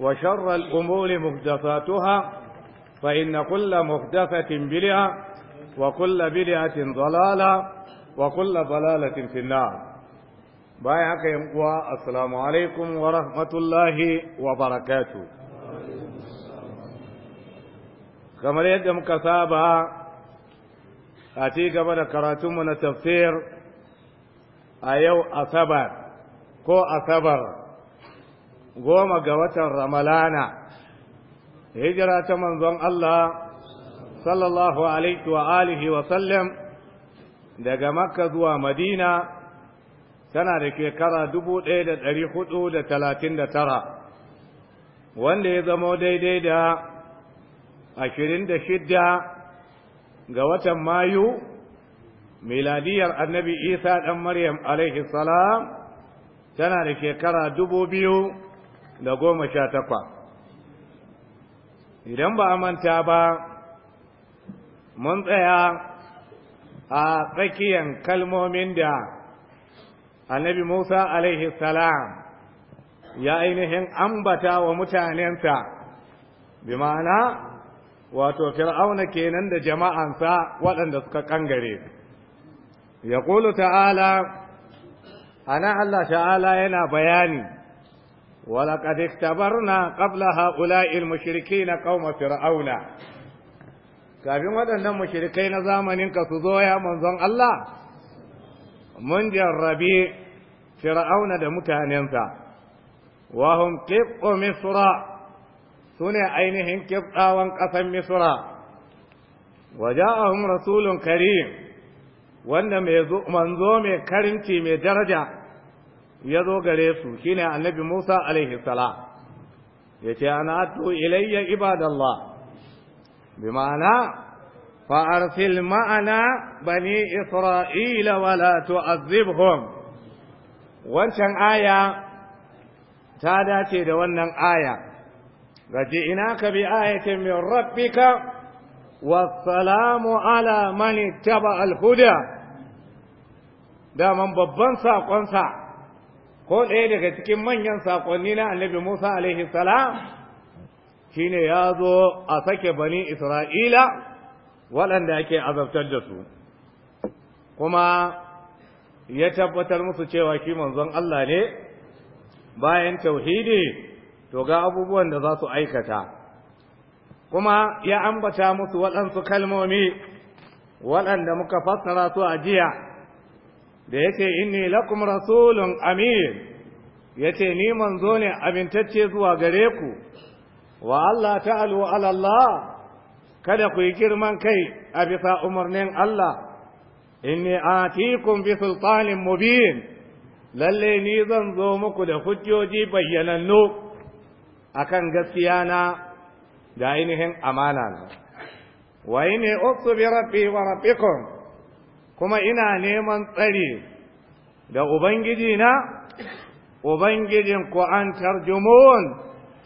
وشر الأمور محدثاتها فإن كل محدثة بلعة وكل بلعة ضلالة وكل ضلالة في النار بايعك ينقوى السلام عليكم ورحمة الله وبركاته كما يدم كثابة أتيك بنا كراتم تفسير أيو أثبر كو أثبر goma ga watan ramalana hijira ta manzon Allah sallallahu alaihi wa alihi wa sallam daga makka zuwa madina tana da shekara dubu ɗaya da hudu da talatin da tara wanda ya zamo daidai da ashirin da shidda ga watan mayu miladiyar annabi isa ɗan maryam alaihi salam tana da shekara dubu biyu da goma sha takwa idan ba a manta ba mun tsaya a tsakiyan kalmomin da annabi musa alaihi salam ya ainihin ambata wa mutanensa bi ma'ana wato fir'auna kenan da jama'ansa waɗanda suka ƙangare. ya ta'ala ana Allah ta'ala yana bayani ولقد اختبرنا قبل هؤلاء المشركين قوم فرعون kafin waɗannan mushrikai na zamaninka su zo ya manzon Allah mun jarrabi fir'auna da mutanensa wa hum qibqu misra sune ainihin qibtawan ƙasan misra wa ja'ahum rasulun karim wanda mai manzo mai karimci mai daraja ya zo gare su shine annabi Musa alaihi salam yace ana atu ilayya ibadallah bi ma'ana fa arsil ma'ana bani isra'ila wa la tu'azzibhum wancan aya ta dace da wannan aya gaji ina ka bi ayatin min rabbika والسلام على al اتبع da دامن babban saƙonsa ko ɗaya daga cikin manyan saƙonni na annabi Musa alaihi salam shine ya zo a sake bani Isra'ila waɗanda ake azabtar da su, kuma ya tabbatar musu cewa shi manzon Allah ne bayan tauhidi to ga abubuwan da za su aikata, kuma ya ambata musu waɗansu kalmomi waɗanda muka fassara su a jiya. da yake inni lakum rasulun amin yace ni manzo ne amintacce zuwa gare ku wa Allah ta'alu ala Allah kada ku yi girman kai a bisa umarnin Allah inni atikum bi sultanin mubin lalle ni zan zo muku da hujjoji bayyanannu akan gaskiya na da ainihin amana na wa inni bi rabbi wa rabbikum kuma ina neman tsare da ubangiji na ubangijin ku an tarjumon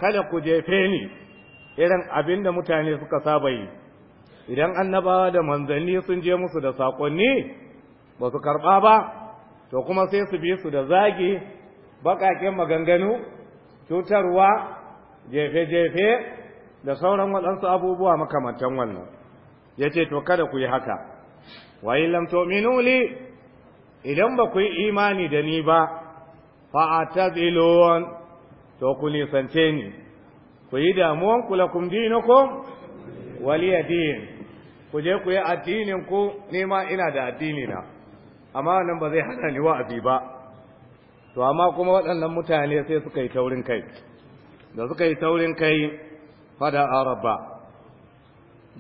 kada ku jefe ni irin abin da mutane suka saba yi idan an annabawa da manzanni sun je musu da saƙonni ba su karɓa ba to kuma sai su bi su da zagi baƙaƙen maganganu cutarwa jefe-jefe da sauran waɗansu abubuwa makamantan wannan ya ce to kada ku yi haka wa lam tu'minu li idan ba ku yi imani da ni ba fa atazilun to ku sance ni ku yi damuwan ku lakum dinukum waliya din ku je ku yi addinin ku ma ina da addini na amma nan ba zai hana ni wa'azi ba to amma kuma waɗannan mutane sai suka yi taurin kai da suka yi taurin kai fada araba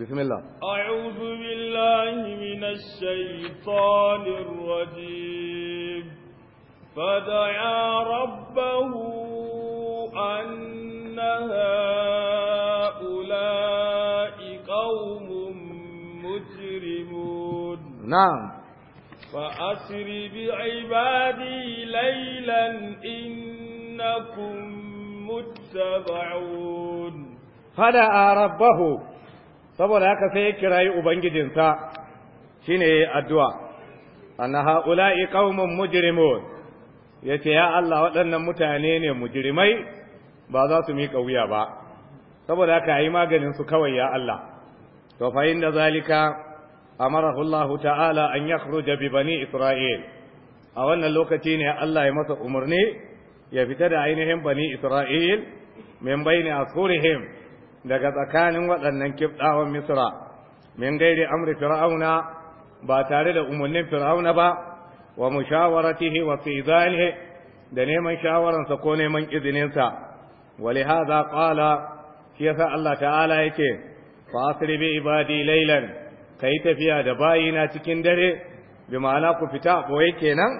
بسم الله أعوذ بالله من الشيطان الرجيم فدعا ربه أن هؤلاء قوم مجرمون نعم فأسر بعبادي ليلا إنكم متبعون فدعا ربه saboda haka sai ya kirayi ubangijinsa shine yayi addu'a anna haula'i qaumun mujrimun yace ya Allah waɗannan mutane ne mujrimai ba za su miƙa wuya ba saboda haka yi maganin su kawai ya Allah to fa inda zalika a marahullahu ta'ala an yakhruja bi bani Isra'il a wannan lokaci ne Allah ya masa umarni ya fita da ainihin bani Isra'il min a asurihim daga tsakanin waɗannan kifɗawan misra min gairi amri fir'auna ba tare da umarnin fir'auna ba wa mushawaratihi wa fizalihi da neman shawararsa ko neman izininsa wa li hadha qala shi yasa Allah ta'ala yake fa asri bi ibadi laylan kai tafiya da bayina cikin dare bi ma'ana ku fita boye kenan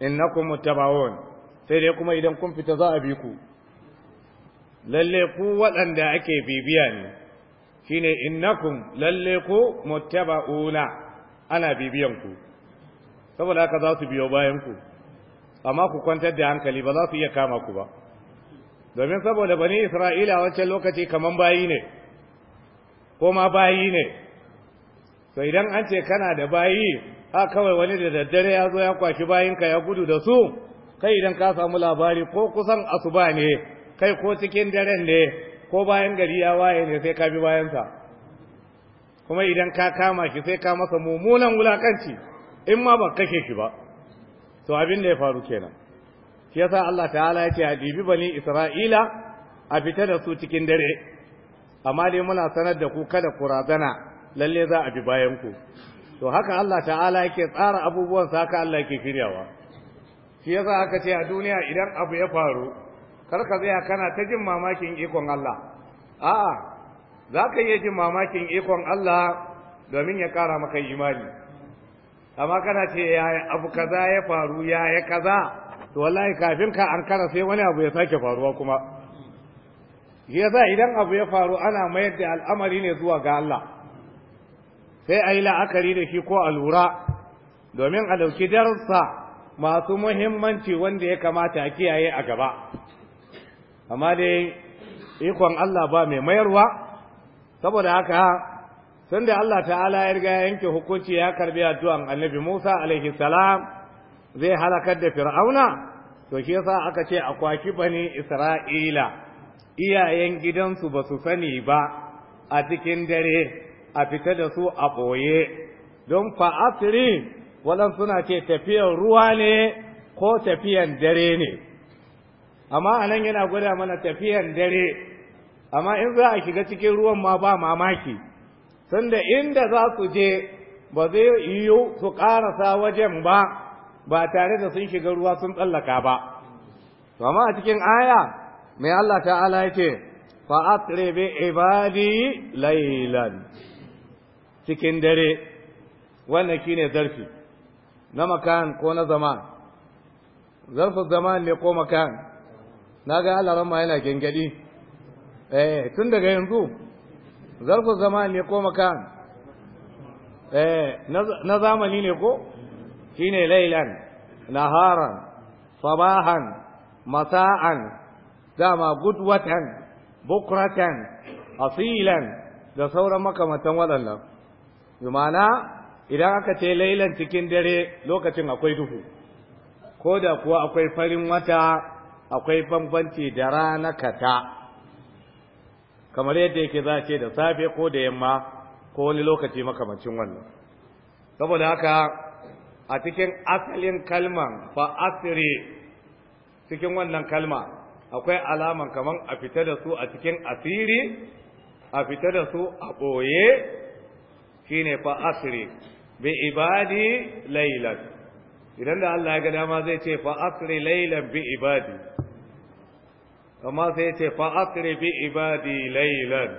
innakum muttaba'un sai dai kuma idan kun fita za a bi ku lalle ku waɗanda ake bibiya ne shine innakun, lalle ku muttaba'una ana bibiyan ku saboda haka za su biyo bayan ku amma ku kwantar da hankali ba za su iya kama ku ba domin saboda bani isra'ila a wancan lokaci kamar bayi ne ko ma bayi ne to idan an ce kana da bayi a kawai wani da daddare ya zo ya kwashi bayinka ya gudu da su kai idan ka samu labari ko kusan asuba ne kai ko cikin daren ne ko bayan gari ya waye ne sai ka bi bayansa kuma idan ka kama shi sai ka masa mummunan wulakanci in ma ba kashe shi ba to abin da ya faru kenan shi yasa Allah ta'ala ya ce a dibi bani Isra'ila a fita da su cikin dare amma dai muna sanar da ku kada ku razana lalle za a bi bayan ku to haka Allah ta'ala yake tsara abubuwan sa haka Allah yake shiryawa shi yasa aka ce a duniya idan abu ya faru kar ka tsaya kana ta jin mamakin ikon Allah a'a za ka iya jin mamakin ikon Allah domin ya ƙara maka imani amma kana ce yaya abu kaza ya faru yaya kaza to wallahi kafin ka an kara sai wani abu ya sake faruwa kuma ya za idan abu ya faru ana mayar da al'amari ne zuwa ga Allah sai a yi la'akari da shi ko a lura domin a ɗauki darussa masu muhimmanci wanda ya kamata a kiyaye a gaba amma dai ikon Allah ba mai mayarwa saboda haka sun da Allah ta'ala ya riga yanke hukunci ya karbi addu'an annabi Musa alaihi salam zai halakar da fir'auna to shi yasa aka ce a akwaki bani Isra'ila iyayen gidansu ba su sani ba a cikin dare a fita da su a ɓoye don fa'asiri walan suna ce tafiyar ruwa ne ko tafiyan dare ne amma a nan yana gwada mana tafiyan dare amma in za a shiga cikin ruwan ma ba mamaki sanda inda za su je ba zai yiwu su ƙarasa wajen ba ba tare da sun shiga ruwa sun tsallaka ba to a cikin aya mai Allah ta'ala ya fa asri ibadi laylan cikin dare wannan shine zarfi na makan ko na zaman zarfin zaman ne ko makan na ga alaran ma yana gengadi eh tun daga yanzu zarfu zaman ne ko makan eh na zamani ne ko shine lailan naharan sabahan masa'an dama gudwatan bukratan asilan da sauran makamantan waɗannan yumana idan aka ce lailan cikin dare lokacin akwai duhu ko da kuwa akwai farin wata akwai bambanci da rana kata kamar yadda yake za ce da safe ko da yamma ko wani lokaci makamancin wannan saboda haka a cikin asalin kalman fa asiri cikin wannan kalma akwai alaman kamar a fita da su a cikin asiri a fita da su a ɓoye shine fa asiri bi ibadi lailan idan da Allah ya ga dama zai ce fa asri lailan bi ibadi amma sai ce fa asri bi ibadi laylan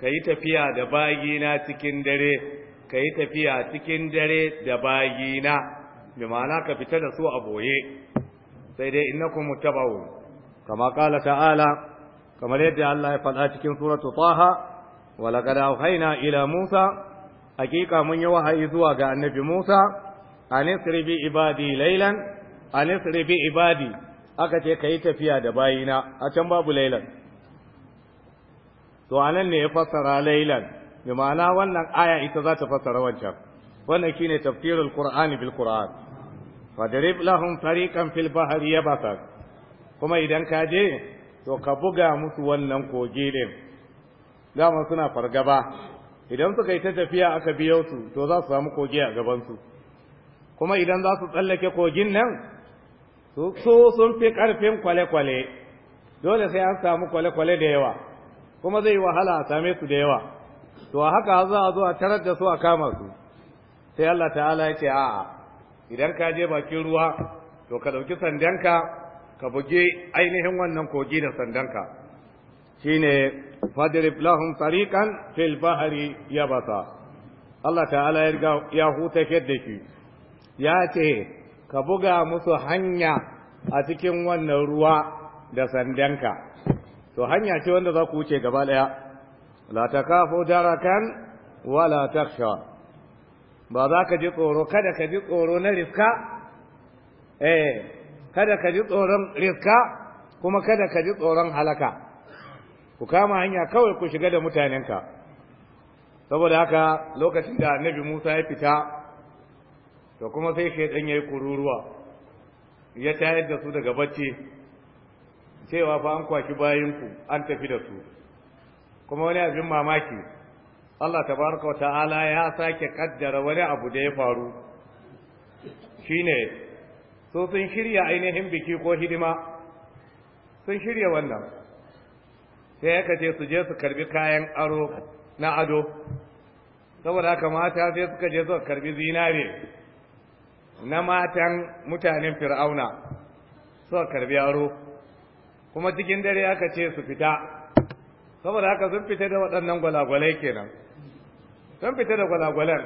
kai tafiya da bagina cikin dare kai tafiya cikin dare da bagina bi ma'ana ka fita da su a boye sai dai innakum muttaba'un kama ƙala ta'ala kamar yadda Allah ya faɗa cikin suratu taha wa laqad awhayna ila musa hakika mun yi wahayi zuwa ga annabi musa an bi ibadi laylan an bi ibadi aka ce ka yi tafiya da bayina a can babu lailan to anan ne ya fassara lailan bi ma'ana wannan aya ita za ta fassara wancan wannan shine tafsirul qur'ani bil qur'an fadrib lahum tariqan fil bahri yabasa kuma idan ka je to ka buga musu wannan kogi din dama suna fargaba idan suka yi ta tafiya aka biyo su to za su samu kogi a gaban su kuma idan za su tsallake kogin nan su sun fi ƙarfin kwale-kwale dole sai an samu kwale-kwale da yawa kuma zai wahala a same su da yawa to haka za a zo a tarar da su a kama su sai Allah ta'ala ya ce a'a idan ka je bakin ruwa to ka ɗauki sandanka ka buge ainihin wannan kogi da sandanka shine fadrib lahum tariqan fil bahri yabasa Allah ta'ala ya huta da shi ya ce ka buga musu hanya a cikin wannan ruwa da sandanka to hanya ce wanda za ku wuce gaba ɗaya la takafu darakan wala takhsha ba za ka ji tsoro kada ka ji tsoro na rifka eh kada ka ji tsoron rifka kuma kada ka ji tsoron halaka ku kama hanya kawai ku shiga da mutanenka saboda haka lokacin da annabi Musa ya fita to kuma sai ke ya yi kururuwa ya tayar da su daga bacci cewa fa an kwaki bayinku an tafi da su kuma wani abin mamaki Allah tabaraka wa ta'ala ya sake kaddara wani abu da ya faru shine so sun shirya ainihin biki ko hidima sun shirya wannan sai aka je su je su karbi kayan aro na ado saboda haka mata sai suka je suka karbi zinare na matan mutanen fir'auna suka karbi yaro, kuma cikin dare aka ce su fita saboda haka sun fita da waɗannan gwalagwalai kenan sun fita da gwalagwalan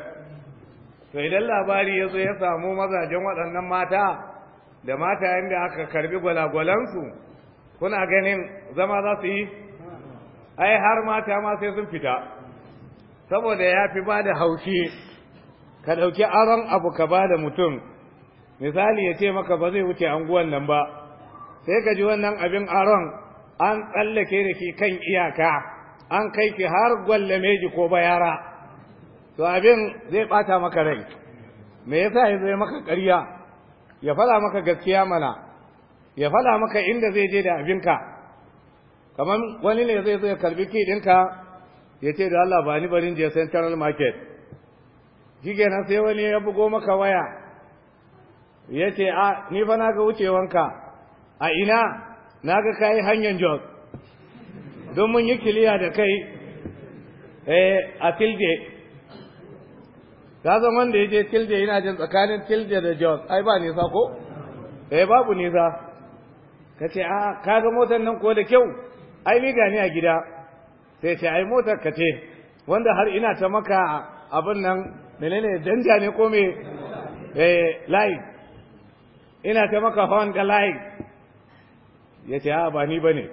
to idan labari ya zo ya samu mazajen waɗannan mata da mata da aka karbi gwalagwalansu kuna ganin zama za su yi ai har mata ma sai sun fita saboda ya fi ba da haushi ka ɗauki aron abu ka ba da mutum misali ya ce maka ba zai wuce anguwan nan ba sai ka ji wannan abin aron an tsallake da ke kan iyaka an kai ki har meji ko bayara to abin zai bata maka rai me yasa ya zai maka karya? ya fada maka gaskiya mana ya fada maka inda zai je da abinka kamar wani ne zai zo ya karbi ki ɗinka ya ce da Allah ba ni barin je central market shi sai wani ya bugo maka waya ya ce a ni fa na ga wucewanka a ina na ga kayi hanyar jos don mun yi kiliya da kai eh, a tilde Ta san wanda ya je tilde yana jin tsakanin tilde da jos ai ba nisa ko eh babu nisa ka ce a ka ga motar nan ko da kyau ai ni gani a gida sai ce ai motar ka ce wanda har ina ta maka abin nan menene danja ne ko me eh lai ina ta maka hawan ga lai ya ce a ba ni ba ne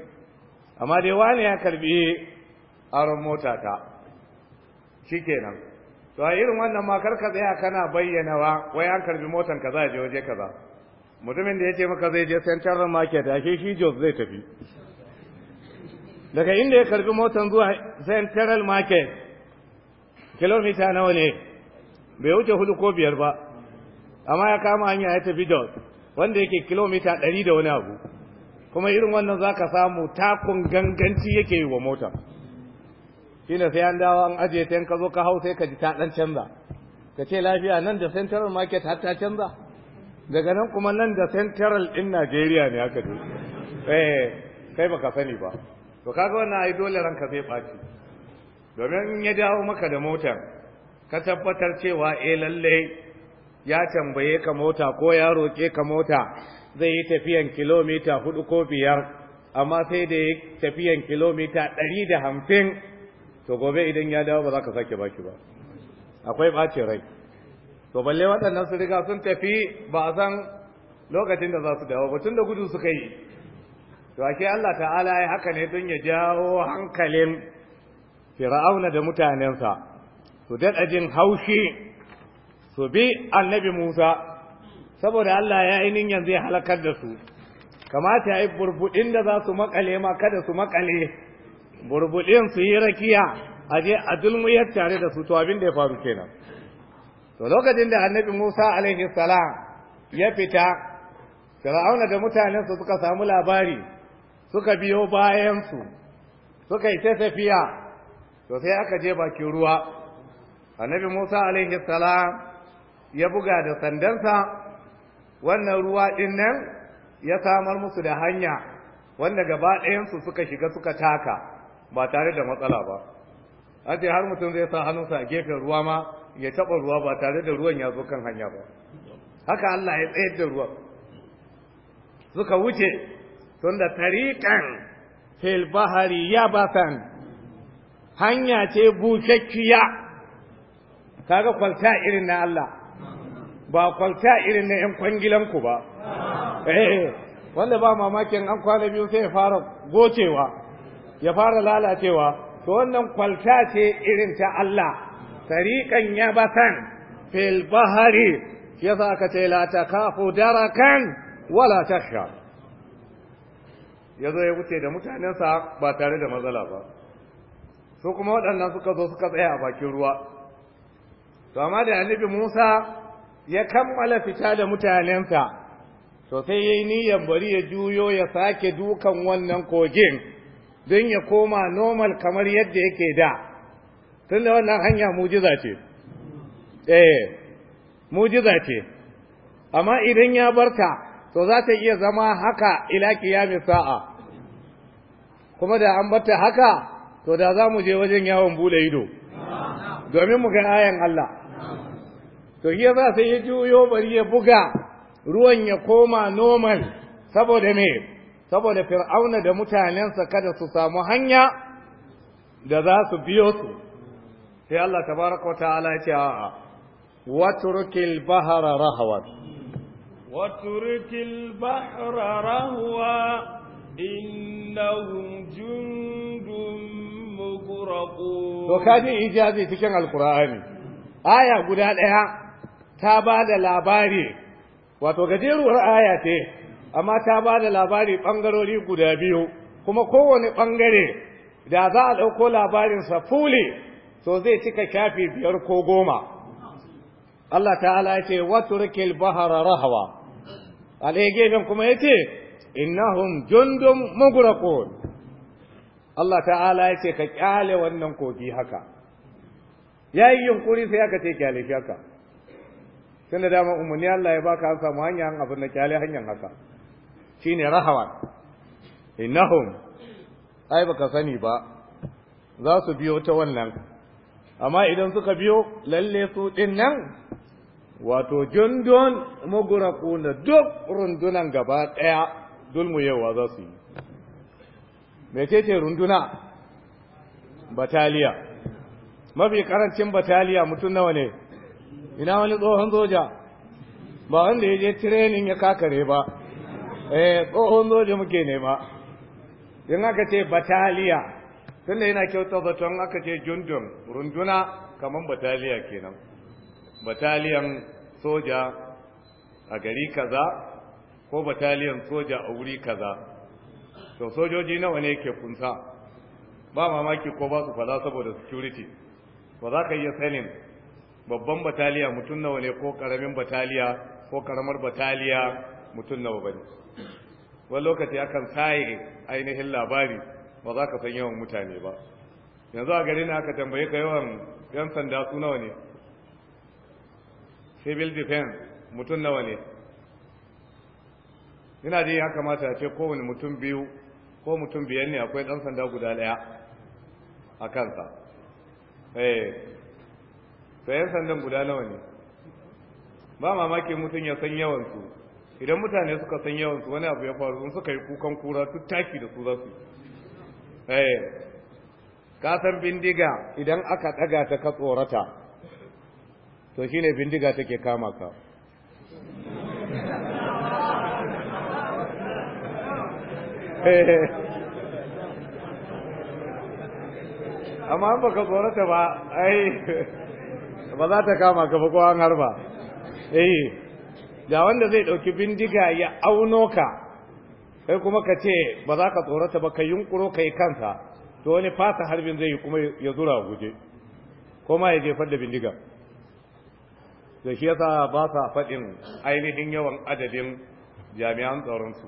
amma dai wani ya karbi aron mota ta shi kenan to a irin wannan makar ka tsaya kana bayyanawa wai an karbi motan kaza je waje kaza mutumin da ya ce maka zai je central market ashe shi jos zai tafi daga inda ya karbi motan zuwa central market kilomita nawa ne bai wuce hudu ko biyar ba amma ya kama hanya ya tafi jos wanda yake kilomita ɗari da wani abu kuma irin wannan za ka samu takun ganganci yake yi wa mota shi ne sai an dawo an ajiye ta ka zo ka hau sai ka ji ta ɗan canza ka ce lafiya nan da central market har ta canza daga nan kuma nan da central ɗin najeriya ne haka dole eh kai ba ka sani ba to kaga wannan ai dole ranka zai ɓaci domin ya dawo maka da motar ka tabbatar cewa eh lalle ya tambaye ka mota ko ya roke ka mota zai yi tafiyan kilomita hudu ko biyar amma sai da ya tafiyan kilomita ɗari da hamsin to gobe idan ya dawo ba za ka sake baki ba akwai ɓacin rai to balle waɗannan su riga sun tafi ba a san lokacin da za su dawo ba tun da gudu suka yi to ake Allah ta'ala ya haka ne don ya jawo hankalin fir'auna da mutanensa su daɗa jin haushi su bi annabi Musa saboda Allah ya yi zai zai halakar da su kamata ya yi burbuɗin da za su makale ma kada su makale burbuɗin su yi rakiya a je a dulmuyar tare da su to abin da ya faru kenan to lokacin da annabi Musa alaihi salam ya fita Fir'auna da mutanensa suka samu labari suka biyo bayansu suka yi ta tafiya to sai aka je bakin ruwa annabi Musa alaihi salam ya buga da sandansa wannan ruwa din nan ya samar musu da hanya wanda gaba ɗayansu suka shiga suka taka ba tare da matsala ba aje har mutum zai sa hannunsa a gefen ruwa ma ya taba ruwa ba tare da ruwan ya zo kan hanya ba haka Allah ya tsayar da ruwa suka wuce tun da tariƙan fil bahari ya basan hanya ce bukakkiya kaga kwalta irin na Allah ba kwalta irin na ƴan kwangilan ku ba eh wanda ba mamakin an kwana biyu sai ya fara gocewa ya fara lalacewa to wannan kwalta ce irin ta Allah tariqan basan. fil bahari sa aka ce la takafu darakan wala takhsha ya zo ya wuce da mutanensa ba tare da matsala ba So kuma waɗannan suka zo suka tsaya a bakin ruwa to amma da annabi Musa ya kammala fita da mutanensa to sai yayi niyyar bari ya juyo ya sake dukan wannan kogin don ya koma normal kamar yadda yake da Tun da wannan hanya mujiza ce eh mujiza ce amma idan ya barta to za ta iya zama haka ila kiyami sa'a kuma da an barta haka to da za mu je wajen yawon bude ido domin mu ga ayan Allah to shi yasa sai ya juyo bari ya buga ruwan ya koma normal saboda me saboda fir'auna da mutanensa kada su samu hanya da za su biyo su sai Allah tabaraka wa ta'ala ya ce a'a watrukil bahara wa? watrukil bahra rahwa innahum jundun mugraqun to kaji ijazi cikin alqur'ani aya guda daya ta ba da labari wato gajeruwar aya ce amma ta ba da labari ɓangarori guda biyu kuma kowane ɓangare da za a ɗauko labarinsa fuli to zai cika shafi biyar ko goma Allah ta'ala ya ce waturkil bahara rahawa alai kuma ya ce innahum jundum mughraqun Allah ta'ala ya ce ka kyale wannan kogi haka yayi yunkuri sai aka ce kyale shi haka tunda da dama umarni Allah ya baka an samu hanya an abin da kyale hanyar haka shine rahawa innahum ai baka sani ba za su biyo ta wannan amma idan suka biyo lalle su din nan wato jundun muguraku na duk rundunan gaba ɗaya yawa za su yi mecece runduna bataliya mafi karancin bataliya mutum nawa ne ina wani tsohon soja ba wanda ya je tirenin ya kakare ba eh tsohon soja muke nema in aka ce bataliya tunda yana kyauta zaton aka ce jundun runduna kamar bataliya kenan bataliyan soja a gari kaza ko bataliyan soja a wuri kaza to sojoji nawa ne ke kunsa ba mamaki ko ba su fada saboda security ba za ka iya sanin babban bataliya mutum nawa ne ko karamin bataliya ko karamar bataliya mutum nawa bane wani lokaci akan saye ainihin labari ba za ka san yawan mutane ba yanzu a gari garin aka tambaye ka yawan yan sanda su nawa ne civil defense mutum nawa ne yana da ya kamata a ce kowane mutum biyu ko mutum biyan ne akwai dan sanda guda daya a kansa eh to yan sandan guda nawa ne ba mamaki mutum ya san yawansu idan mutane suka san yawansu wani abu ya faru sun suka yi kukan kura duk taki da su za su yi eh. ka bindiga idan aka daga ta ka tsorata to shine bindiga take kama ka amma ba ka tsorata ba ai ba za ta kama ka an harba eh ga wanda zai dauki bindiga ya auno ka kai kuma ka ce ba za ka tsorata ba ka yunkuro ka yi kanka to wani fasa harbin zai yi kuma ya zura guje ko ma ya jefar da bindiga da shi yasa ba sa faɗin ainihin yawan adadin jami'an tsaronsu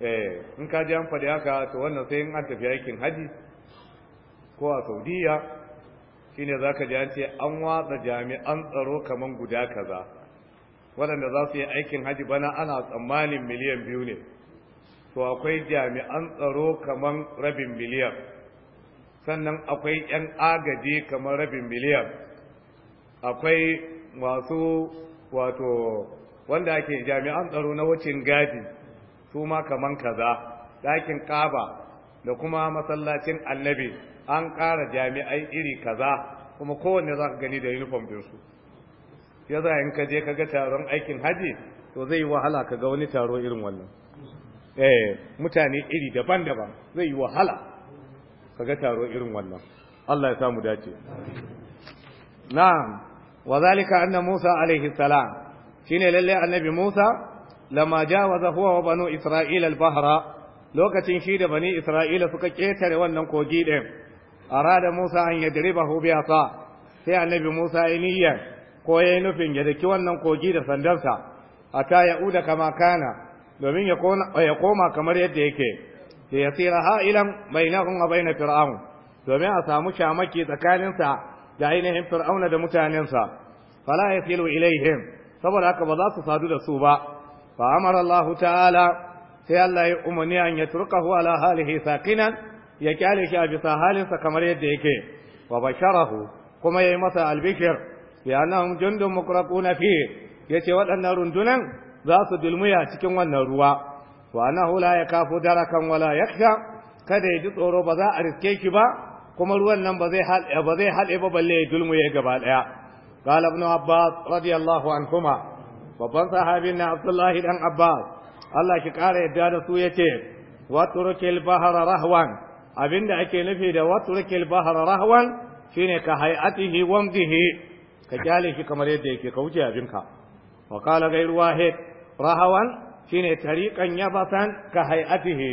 eh in ka ji an faɗi haka to wannan sai in an tafi aikin haji ko a saudiya shine zaka ji an ce an watsa jami'an tsaro kaman guda kaza waɗanda za su yi aikin haji bana ana tsammanin miliyan biyu ne to akwai jami'an tsaro kaman rabin miliyan sannan akwai 'yan agaji kaman rabin miliyan akwai masu wato wanda ake jami'an tsaro na wucin gadi su ma kaman kaza ɗakin ƙaba da kuma masallacin annabi an ƙara jami'ai iri kaza kuma kowanne za ka gani da uniform din su ya za in ka je ka ga taron aikin haji to zai yi wahala ka ga wani taro irin wannan eh mutane iri daban-daban zai yi wahala ka ga taro irin wannan Allah ya samu dace na'am wa zalika anna Musa alaihi salam shine lalle annabi Musa lama jawaza huwa wa banu Isra'ila al-bahra lokacin shi da bani Isra'ila suka ketare wannan kogi din arada Musa an yadribahu bi asa sai annabi Musa ya niyya ko ya nufin ya daki wannan kogi da sandarsa ata yauda kama kana domin ya koma kamar yadda yake da ya tsira ha'ilan bainahum wa bain fir'aun domin a samu shamaki tsakaninsa da ainihin fir'auna da mutanensa fala yasilu ilaihim saboda haka ba za su sadu da su ba fa amara ta'ala sai Allah ya umarni an yatrukahu ala halihi saqinan ya kyale shi a bisa halinsa kamar yadda yake wa basharahu kuma yayi masa albishir bi annahum jundun mukraquna fi yace waɗannan rundunan za su dulmuya cikin wannan ruwa wa annahu la yakafu darakan wala yakhsha kada ya ji tsoro ba za a riske shi ba kuma ruwan nan ba zai haɗe ba zai haɗe ba balle ya dulmuye gaba ɗaya qala ibn abbas radiyallahu kuma. babban sahabi na abdullahi dan abbas Allah ki ƙara yadda da su yace wa turkil bahra abinda ake nufi da watrukil bahra rahwan shine ka hay'atihi wamdihi ka kyale shi kamar yadda yake ka wuce abinka wa qala ghayru wahid rahawan shine tariqan yabatan ka hay'atihi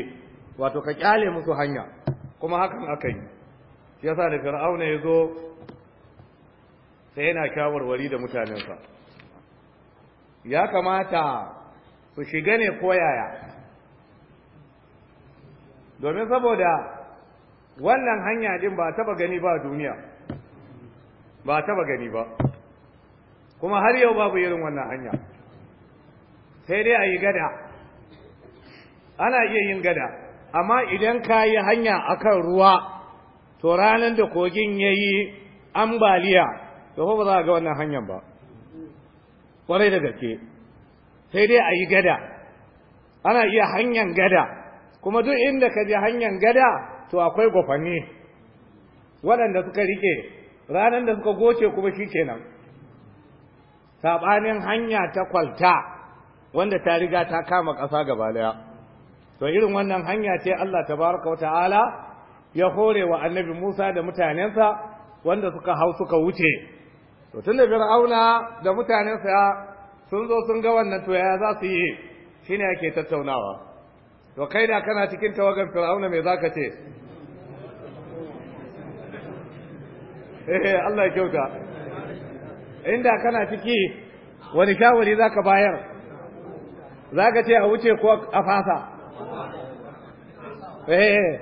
wato ka kyale musu hanya kuma hakan yi shi yasa da fir'auna ya zo sai yana shawarwari da mutanensa ya kamata su shiga ne koyaya domin saboda wannan hanya din ba taba gani ba duniya ba taba gani ba kuma har yau babu irin wannan hanya sai dai a yi gada ana iya yin gada amma idan ka yi hanya akan ruwa to ranar da kogin ya yi ambaliya to ba za a ga wannan hanyar ba kwarai da gaske sai dai a yi gada ana iya hanyar gada kuma duk inda ka je hanyar gada to akwai gwafanni waɗanda suka rike ranar da suka goce kuma shi kenan saɓanin hanya ta kwalta wanda ta riga ta kama ƙasa gaba daya to irin wannan hanya ce Allah tabaraka wa ta'ala ya hore wa annabi Musa da mutanensa wanda suka hau suka wuce to da fir'auna da mutanensa sun zo sun ga wannan to ya za su yi shine yake tattaunawa to kai da kana cikin tawagar fir'auna me zaka ce eh Allah ya kyauta inda kana ciki wani shawari zaka bayar zaka ce a wuce ko a fasa eh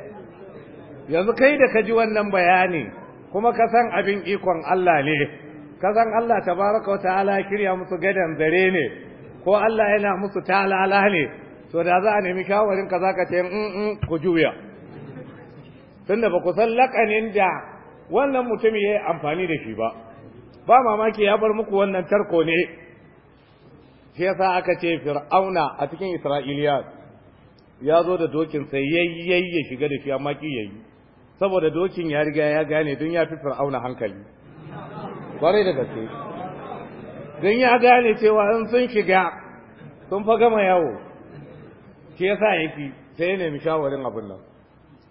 yanzu kai da ka ji wannan bayani kuma ka san abin ikon Allah ne ka san Allah tabaraka ta'ala kirya musu gadan zare ne ko Allah yana musu talala ne to da za a nemi shawarin ka zaka ce in ku juya tunda ba ku san lakanin da wannan mutumin ya yi amfani da shi ba ba mamaki ya bar muku wannan tarko ne shi yasa aka ce fir'auna a cikin isra'iliya ya zo da dokin sai yayyayi ya shiga da shi amma ki yayi saboda dokin ya riga ya gane don ya fi fir'auna hankali kwarai da gaske don ya gane cewa in sun shiga sun fa gama yawo shi yasa yake sai ya nemi shawarin abin nan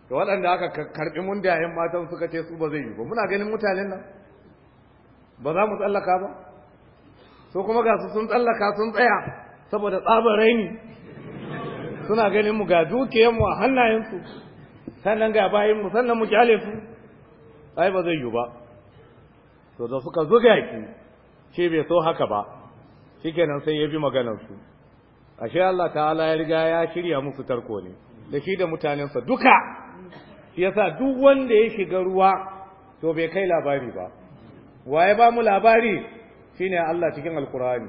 da waɗanda aka karɓi mundayen matan suka ce su ba zai yi ba muna ganin mutanen nan ba za mu tsallaka ba so kuma ga su sun tsallaka sun tsaya saboda tsabar raini suna ganin mu ga mu a hannayensu sannan ga mu sannan mu kyale su ai ba zai yi ba to da suka zuga ki ce bai so haka ba shikenan sai ya bi maganarsu ashe Allah ta'ala ya riga ya shirya musu tarko ne da shi da mutanensa duka yasa duk wanda ya shiga ruwa to bai kai labari ba waye ba mu labari shine Allah cikin alkur'ani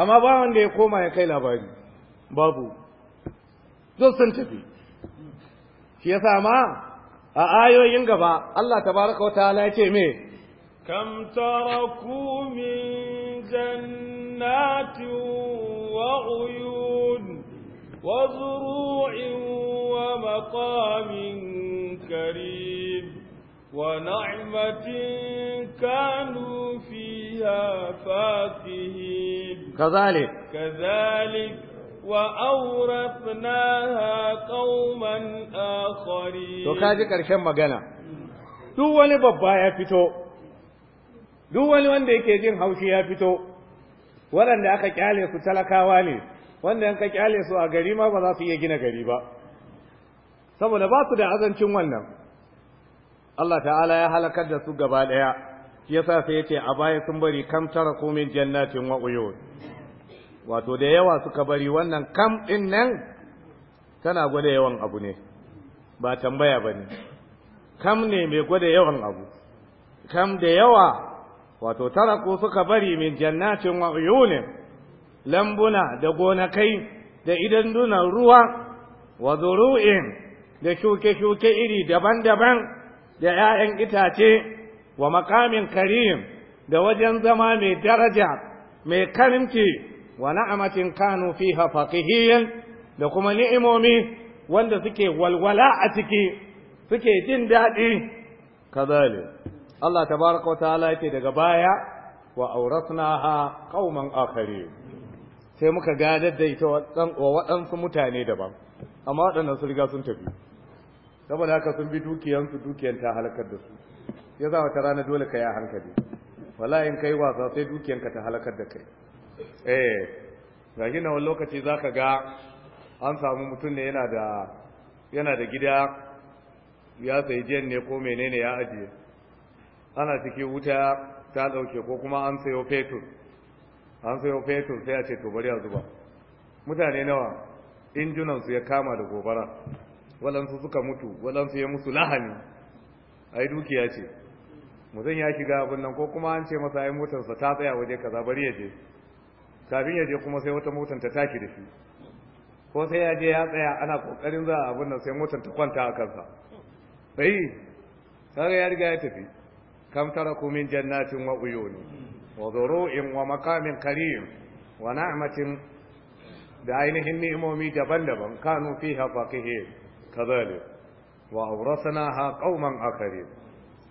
amma ba wanda ya koma ya kai labari babu duk sun tafi shi yasa ma a ayoyin gaba Allah tabaraka wataala yace me kam taraku min jannati wa uyun wa zuru'in wa maqamin كريم ونعمة كانوا فيها فاكهين كذلك كذلك وأورثناها babba ya fito duk wanda yake jin haushi ya fito waɗanda aka ƙyale su talakawa ne wanda ka ƙyale su a gari ma ba za su iya gina gari ba saboda ba su da azancin wannan Allah ta'ala ya halakar da su gaba daya shi yasa sai yace a baya sun bari kam tara komin jannatin wa uyun wato da yawa suka bari wannan kam din nan tana gwada yawan abu ne ba tambaya bane kam ne mai gwada yawan abu kam da yawa wato tara ko suka bari min jannatin wa uyunin lambuna da gonakai da idan dunan ruwa wa zuru'in da shuke-shuke iri daban-daban da ‘ya'yan itace wa makamin karim da wajen zama mai daraja mai karimci wa na’amacin kanu fi da kuma ni'imomi wanda suke walwala a ciki suke jin daɗi kazali Allah ta tabaraka wa ta daga baya wa ha ƙauman akari sai muka gadar da wa waɗansu mutane daban amma waɗannan sun riga sun tafi saboda haka sun bi dukiyansu dukiyan ta halakar da su ya za wata rana dole ka yi hankali wala in kai wasa sai dukiyanka ta halakar da kai eh ga gina wani lokaci za ka ga an samu mutum ne yana da gida ya sai jiyan ne ko menene ya ajiye ana cikin wuta ta ɗauke ko kuma an sayo fetur an sayo fetur sai a ce to bari a zuba mutane nawa injunansu ya kama da gobara walansu suka mutu walansu ya musu lahani ai dukiya ce mutum ya shiga abin nan ko kuma an ce masa ya motarsa ta tsaya waje kaza bari ya je kafin ya je kuma sai wata motar ta tashi da shi ko sai ya je ya tsaya ana kokarin za a abin nan sai motar ta kwanta a kansa sai kaga ya riga ya tafi kam taraku min jannatin wa uyuni wa zuru'in wa maqamin karim wa na'matin da ainihin ni'imomi daban-daban kanu fiha faqihin كذلك wa قوما qauman الله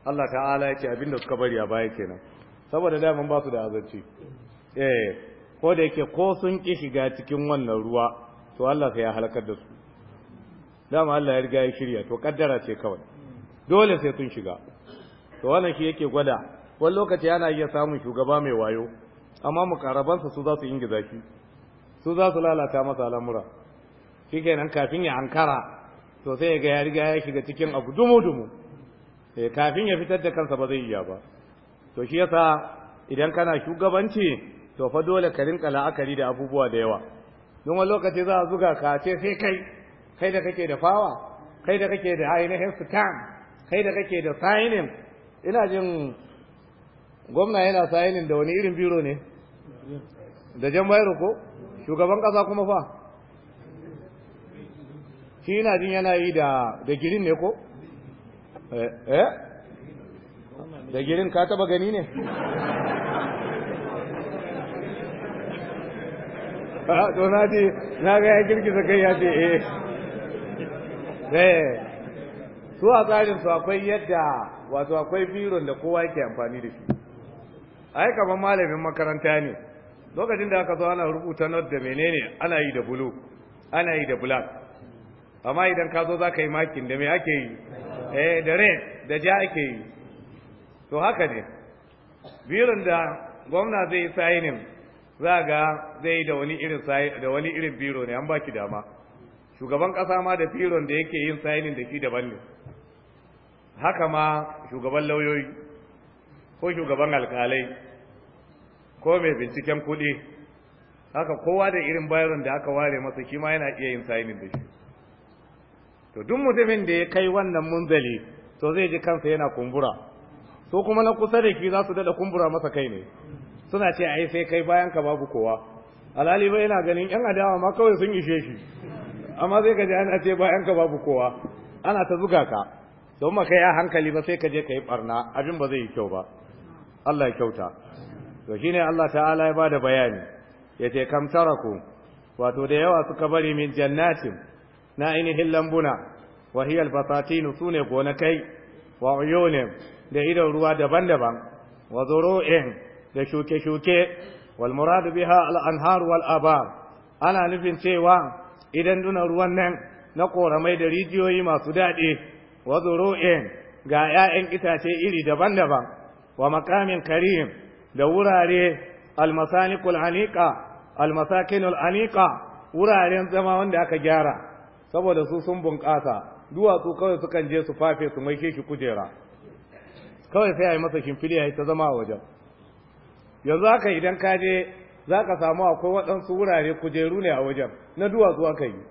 Allah ta'ala yake abinda suka bari a baya kenan saboda daman ba su da azanci eh ko da yake ko sun ki shiga cikin wannan ruwa to Allah sai ya halakar da su dama Allah ya riga ya shirya to kaddara ce kawai dole sai sun shiga to wannan shi yake gwada wani lokaci ana iya samun shugaba mai wayo amma mukarabansa su za su ingiza shi su za su lalata masa al'amura shikenan kafin ya ankara to sai ga ya riga ya shiga cikin abu dumu dumu eh kafin ya fitar da kansa ba zai iya ba to shi yasa idan kana shugabanci to fa dole ka rinka la'akari da abubuwa da yawa don wani lokaci za a zuga ka ce sai kai kai da kake da fawa kai da kake da ainihin scan kai da kake da sainin? ina jin gwamna yana sainin da wani irin biro ne da jan bayar ko shugaban kasa kuma fa shi yana jin yana yi da da girin ne ko eh, eh? da girin ka taba gani ne ah, to na ce na ga ya girgiza kai ya ce eh eh su a tsarin su akwai yadda wato akwai biron da kowa yake amfani da shi ai kamar malamin makaranta ne lokacin da aka zo ana rubuta not da menene ana yi da blue ana yi da black amma idan ka zo za ka yi makin da me ake yi eh da red da ja ake yi to haka ne birin da gwamna zai yi sayinin za ga zai yi da wani irin biro ne an baki dama shugaban kasa ma da firon da yake yin sayinin da shi daban ne haka ma shugaban lauyoyi ko shugaban alkalai ko mai binciken kuɗi haka kowa da irin bayarin da aka ware masa shi ma yana iya yin sayinin da shi to duk mutumin da ya kai wannan munzali to zai ji kansa yana kumbura to kuma na kusa da ki za su dada kumbura masa kai ne suna ce ai sai kai bayan ka babu kowa alali ba yana ganin yan adawa ma kawai sun ishe shi amma sai ka ji ana ce bayan ka babu kowa ana ta zuga ka don ma kai a hankali ba sai ka je ka barna abin ba zai yi kyau ba Allah ya kyauta to shine Allah ta'ala ya bada bayani yace kam taraku wato da yawa suka bari min jannatin na ainihin lambuna wahiyar hiya albatatinu sune gonakai wa uyunin da idon ruwa daban-daban wa da shuke-shuke wal muradu biha al anhar ana nufin cewa idan duna ruwan nan na koramai da rijiyoyi masu daɗi wa ga 'ya'yan itace iri daban-daban wa makamin karim da wurare almasanikul anika, almasakinul wuraren zama wanda aka gyara saboda su sun bunƙasa duwatsu kawai sukan je su fafe su mai shi kujera kawai sai a yi masa shimfili ya yi ta zama a wajen yanzu haka idan ka je za ka samu akwai waɗansu wurare kujeru ne a wajen na duwatsu aka yi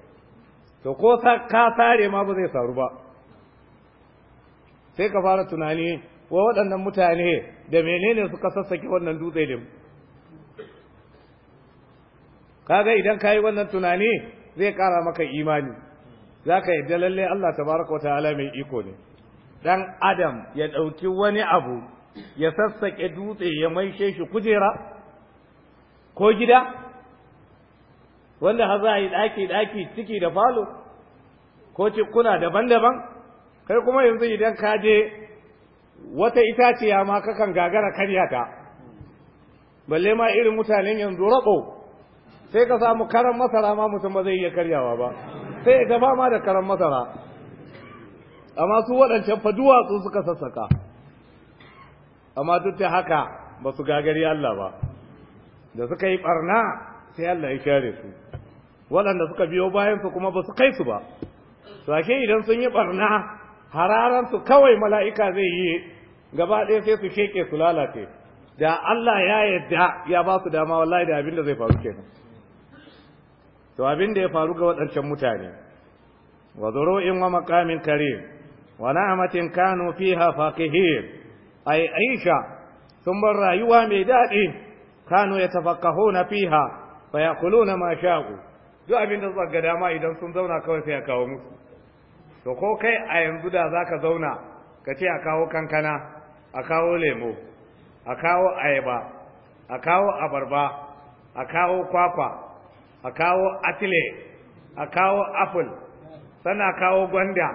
to ko ka sare ma ba zai saru ba sai ka fara tunani wa waɗannan mutane da menene suka sassake wannan dutse ne kaga idan ka yi wannan tunani zai kara maka imani za ka yadda lalle Allah tabaraka wa ta'ala mai iko ne dan adam ya ɗauki wani abu ya sassaƙe dutse ya maishe shi kujera ko gida wanda har za a yi ɗaki ɗaki ciki da falo ko cikuna daban-daban kai kuma yanzu idan ka je wata itaciya ma kakan gagara karya ta balle ma irin mutanen yanzu rabo, sai ka samu karan masara ma mutum ba zai iya karyawa ba sai ita ba ma da karan masara amma su waɗancan faduwa su, suka sassaka amma duk da haka ba su gagari Allah ba da suka yi ɓarna, sai Allah ya share su waɗanda suka biyo bayansu kuma ba su kai su ba sake idan sun yi ɓarna, hararansu kawai mala'ika zai yi gaba ɗaya sai su sheke su lalace da Allah ya yadda ya ba su dama wallahi da abin da zai faru kenan to abin da ya faru ga waɗancan mutane wa zuru'in wa maqamin karim wa na'matin kanu fiha faqihin ay aisha sun bar rayuwa mai daɗi kanu yatafaqqahuna fiha fa yaquluna ma sha'u duk abin da suka ga dama idan sun zauna kawai sai ya kawo musu to ko kai a yanzu da zaka zauna ka ce a kawo kankana a kawo lemo a kawo ayaba a kawo abarba a kawo kwakwa a kawo atile a kawo apple sana kawo gwanda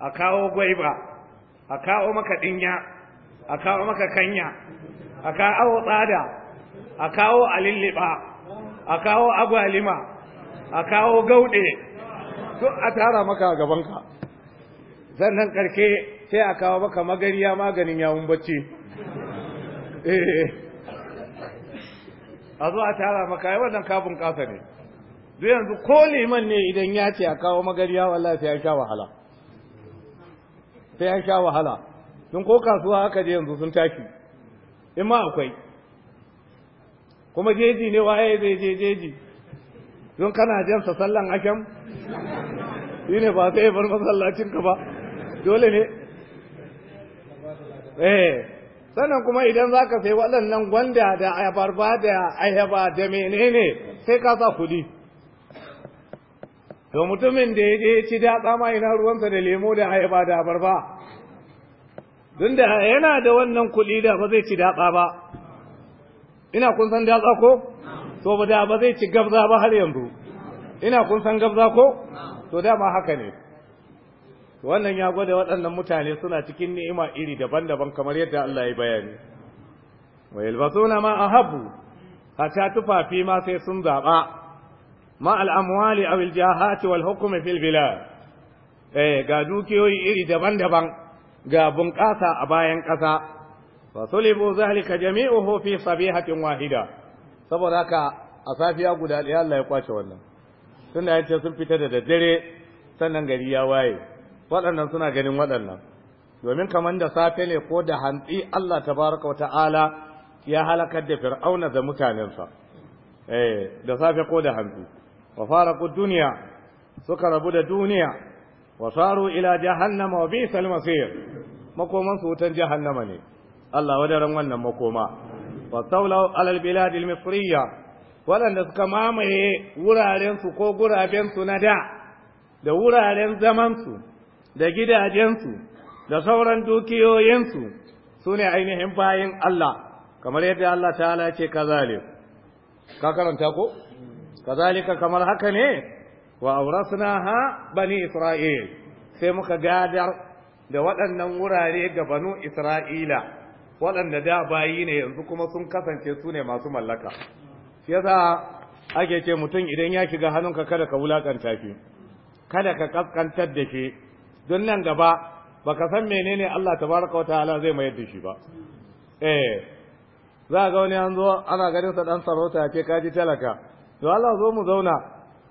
a kawo gwaiba a kawo maka dinya a kawo maka kanya a kawo tsada a kawo alilliba a kawo agwalima a kawo gaude duk a tara maka a gabanka sannan karke sai a kawo maka magariya maganin yawun bacci eh, eh, eh. a zo a tara maka yi wannan kafin kasa ne duk yanzu ko liman ne idan ya ce a kawo ya wallahi sai an sha wahala sai an sha wahala Tun ko kasuwa haka je yanzu sun tashi in ma akwai kuma jeji ne waye zai je jeji Tun kana jan sa sallan akam shi ne ba sai bar masallacin ka ba dole ne eh sannan kuma idan za ka sai waɗannan gwanda da ayabarba da ayaba da menene sai ka sa kuɗi to mutumin da ya je ya ci datsa ma ina ruwansa da lemo da ayaba da abarba don da yana da wannan kuɗi da ba zai ci datsa ba ina kun san datsa ko to ba da ba zai ci gabza ba har yanzu ina kun san gabza ko to dama haka ne wannan ya gwada waɗannan mutane suna cikin ni'ima iri daban-daban kamar yadda Allah ya bayani wa yalbasuna ma ahabu hatta tufafi ma sai sun zaba ma al'amwali aw jahati wal hukm fil bilad eh ga dukiyoyi iri daban-daban ga bunƙasa a bayan ƙasa fa sulibu zalika jami'uhu fi sabihatin wahida saboda haka a safiya guda ɗaya Allah ya kwace wannan tunda yace sun fita da daddare sannan gari ya waye waɗannan suna ganin waɗannan domin kamar da safe ne ko da hantsi Allah tabaraka wa ta'ala ya halakar da fir'auna da mutanensa eh da safe ko da hantsi wa faraqu dunya suka rabu da duniya wa saru ila jahannama wa bisal masir makoman su wutan jahannama ne Allah wadaran wannan makoma wa tawlaw ala al bilad al waɗanda suka mamaye wurarensu ko gurabensu na da da wuraren zamansu da gidajensu da sauran dukiyoyinsu su ne ainihin bayan Allah kamar yadda Allah ala ce zale ka karanta ko kazalika kamar haka ne wa ha, bani isra'il sai muka gadar da waɗannan wurare ga banu isra'ila waɗanda da bayi ne yanzu kuma sun kasance su ne masu mallaka shi yasa ake ce mutum idan ya shiga hannunka kada ka wulakanta shi kada ka kaskantar da shi don nan gaba ba ka san menene Allah Ta tabaraka wata ta'ala zai mayar da shi ba eh za ga wani an zo ana ganin sa dan sarauta ke ka kaji talaka to Allah zo mu zauna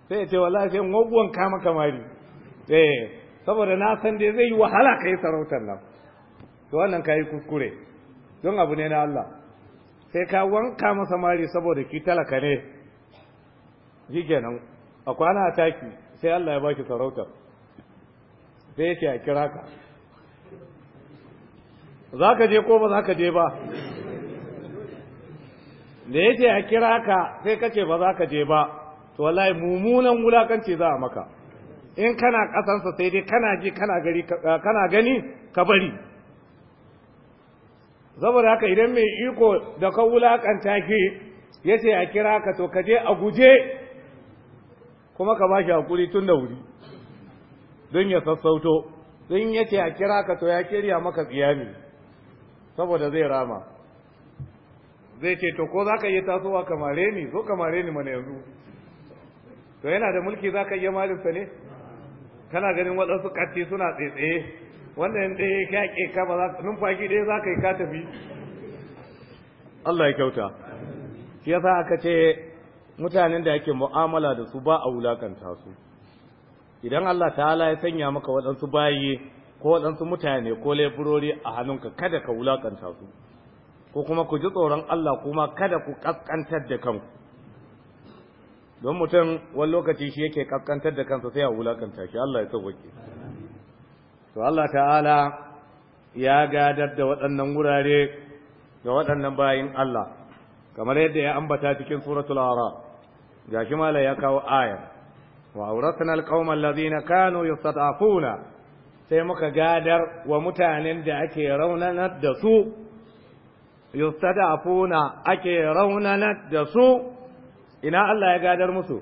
sai ya ce wallahi sai ngogwan kama kamari eh saboda na san dai zai yi wahala kai sarautar nan to wannan kai kuskure don abu ne na Allah sai ka wanka masa mari saboda ki talaka ne shi kenan a kwana a taki sai Allah ya baki sarautar sai yake a kira ka za ka je ko ba za ka je ba da yake a kira ka sai ka ce ba za ka je ba to wallahi mummunan wulakanci za a maka in kana kasansa sai dai kana ji kana gani ka bari saboda haka idan mai iko da ka wulakanta ke ya a kira ka to ka je a guje kuma ka ba shi hakuri tun da wuri don ya sassauto don ya a kira ka to ya kirya maka tsiyami saboda zai rama zai ce to ko za ka iya tasowa kamare ni zo kamare ni mana yanzu to yana da mulki za ka yi malinsa ne kana ganin waɗansu ƙarfi suna tsaye wannan ɗaya ya a ka ba numfashi ɗaya za ka yi ka tafi Allah ya kyauta shi yasa aka ce mutanen da yake mu'amala da su ba a wulakanta su idan Allah ta'ala ya sanya maka waɗansu bayi ko waɗansu mutane ko laifurori a hannunka kada ka wulaƙanta su ko kuma ku ji tsoron Allah kuma kada ku ƙasƙantar da kanku don mutum wani lokaci shi yake ƙasƙantar da kansa sai ya wulaƙanta shi Allah ya sauke to Allah ta'ala ya gadar da waɗannan wurare ga waɗannan bayin Allah kamar yadda ya ambata cikin suratul araf gashi mala ya kawo ayar wa auratna alqauma Kano kanu yastad'afuna sai muka gadar wa mutanen da ake raunanar da su yustad'afuna ake raunanar da su ina Allah ya gadar musu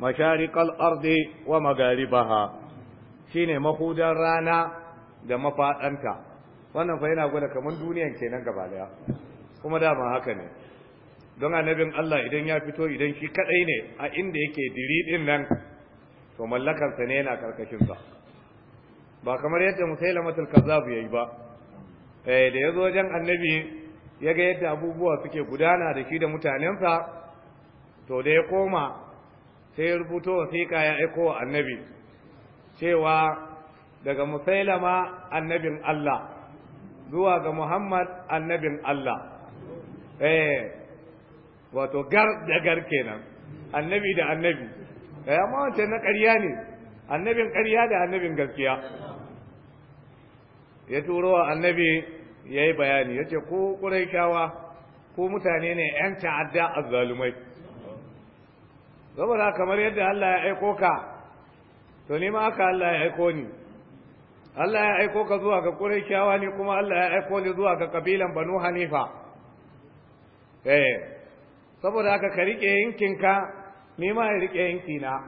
mashariqal ardi wa magaribaha shine mahudan rana da mafadanta wannan fa yana gwada kaman duniyan nan gaba daya kuma dama haka ne don annabin Allah idan ya fito idan shi kadai ne a inda yake diri din nan to mallakarsa ne yana karkashinsa ba kamar yadda musailamatul kazzab yayi ba eh da yazo wajen annabi ya ga yadda abubuwa suke gudana da shi da mutanensa to da ya koma sai ya rubuto wasiƙa ya aiko wa annabi cewa daga musailama annabin Allah zuwa ga Muhammad annabin Allah eh wato gar da gar kenan annabi da annabi ga ya wancan na ƙarya ne annabin ƙarya da annabin gaskiya ya turo wa annabi ya yi bayani ya ce ko ƙuraishawa ko mutane ne 'yan ta'adda a zalumai saboda kamar yadda Allah ya aiko ka to ni ma aka Allah ya aiko ni Allah ya aiko ka zuwa ga ƙuraishawa ne kuma Allah ya aiko ni zuwa ga kabilan banu hanifa eh, saboda aka ka riƙe yinkinka ni ma ya rike yanki na